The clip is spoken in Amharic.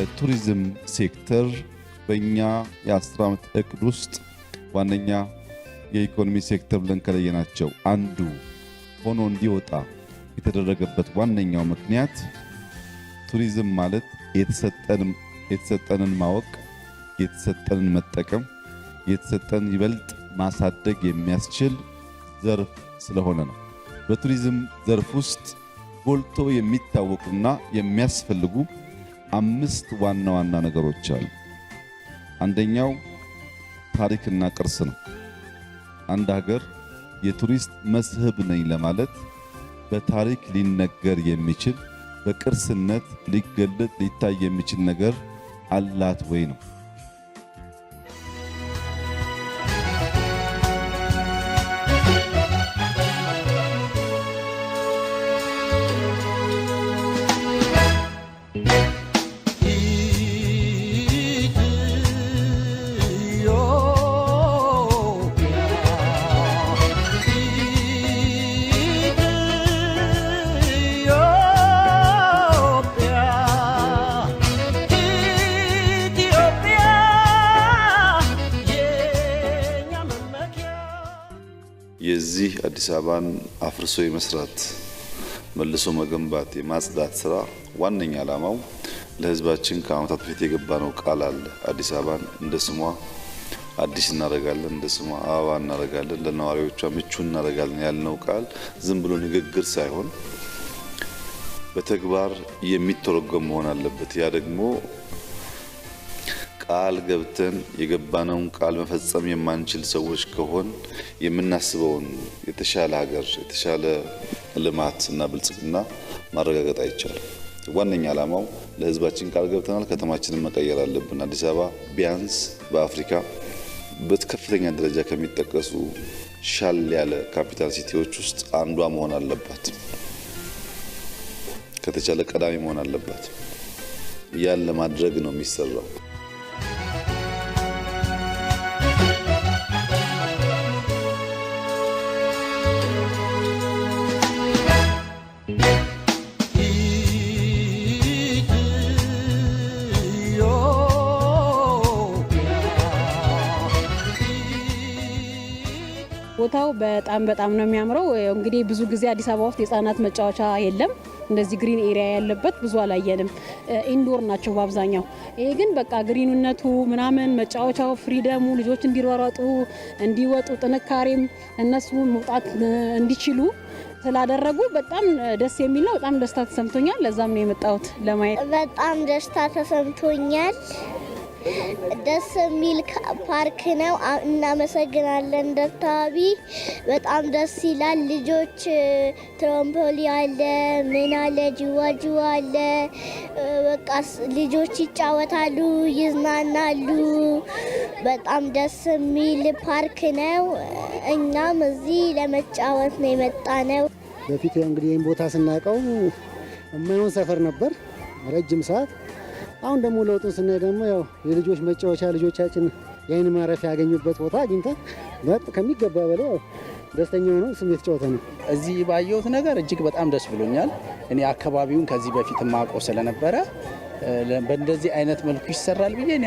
የቱሪዝም ሴክተር በእኛ የ ዓመት እቅድ ውስጥ ዋነኛ የኢኮኖሚ ሴክተር ብለን ከለየናቸው አንዱ ሆኖ እንዲወጣ የተደረገበት ዋነኛው ምክንያት ቱሪዝም ማለት የተሰጠንን ማወቅ፣ የተሰጠንን መጠቀም፣ የተሰጠን ይበልጥ ማሳደግ የሚያስችል ዘርፍ ስለሆነ ነው። በቱሪዝም ዘርፍ ውስጥ ጎልቶ የሚታወቁና የሚያስፈልጉ አምስት ዋና ዋና ነገሮች አሉ። አንደኛው ታሪክና ቅርስ ነው። አንድ ሀገር የቱሪስት መስህብ ነኝ ለማለት በታሪክ ሊነገር የሚችል በቅርስነት ሊገለጥ ሊታይ የሚችል ነገር አላት ወይ ነው። የዚህ አዲስ አበባን አፍርሶ የመስራት መልሶ መገንባት የማጽዳት ስራ ዋነኛ ዓላማው ለህዝባችን ከአመታት በፊት የገባ ነው ቃል አለ። አዲስ አበባን እንደ ስሟ አዲስ እናደርጋለን፣ እንደ ስሟ አበባ እናደርጋለን፣ ለነዋሪዎቿ ምቹ እናደርጋለን ያልነው ቃል ዝም ብሎ ንግግር ሳይሆን በተግባር የሚተረጎም መሆን አለበት። ያ ደግሞ ቃል ገብተን የገባነውን ቃል መፈጸም የማንችል ሰዎች ከሆን የምናስበውን የተሻለ ሀገር የተሻለ ልማት እና ብልጽግና ማረጋገጥ አይቻልም። ዋነኛ ዓላማው ለህዝባችን ቃል ገብተናል፣ ከተማችንን መቀየር አለብን። አዲስ አበባ ቢያንስ በአፍሪካ በከፍተኛ ደረጃ ከሚጠቀሱ ሻል ያለ ካፒታል ሲቲዎች ውስጥ አንዷ መሆን አለባት። ከተቻለ ቀዳሚ መሆን አለባት። ያን ለማድረግ ነው የሚሰራው። ቦታው በጣም በጣም ነው የሚያምረው። እንግዲህ ብዙ ጊዜ አዲስ አበባ ውስጥ የህጻናት መጫወቻ የለም። እንደዚህ ግሪን ኤሪያ ያለበት ብዙ አላየንም። ኢንዶር ናቸው በአብዛኛው። ይሄ ግን በቃ ግሪንነቱ ምናምን መጫወቻው፣ ፍሪደሙ ልጆች እንዲሯሯጡ እንዲወጡ፣ ጥንካሬም እነሱ መውጣት እንዲችሉ ስላደረጉ በጣም ደስ የሚል ነው። በጣም ደስታ ተሰምቶኛል። ለዛም ነው የመጣሁት ለማየት። በጣም ደስታ ተሰምቶኛል። ደስ የሚል ፓርክ ነው። እናመሰግናለን ደብታቢ፣ በጣም ደስ ይላል። ልጆች ትሮምፖሊ አለ፣ ምን አለ፣ ጅዋጅዋ አለ። በቃ ልጆች ይጫወታሉ፣ ይዝናናሉ። በጣም ደስ የሚል ፓርክ ነው። እኛም እዚህ ለመጫወት ነው የመጣ ነው። በፊት እንግዲህ ይህን ቦታ ስናውቀው የማይሆን ሰፈር ነበር ረጅም ሰዓት አሁን ደግሞ ለውጡን ስናይ ደግሞ ያው የልጆች መጫወቻ ልጆቻችን የአይን ማረፊያ ያገኙበት ቦታ አግኝተ ከሚገባ በላይ ደስተኛ ሆነው ስሜት ጨዋታ ነው። እዚህ ባየሁት ነገር እጅግ በጣም ደስ ብሎኛል። እኔ አካባቢውን ከዚህ በፊት ማቆ ስለነበረ በእንደዚህ አይነት መልኩ ይሰራል ብዬ እኔ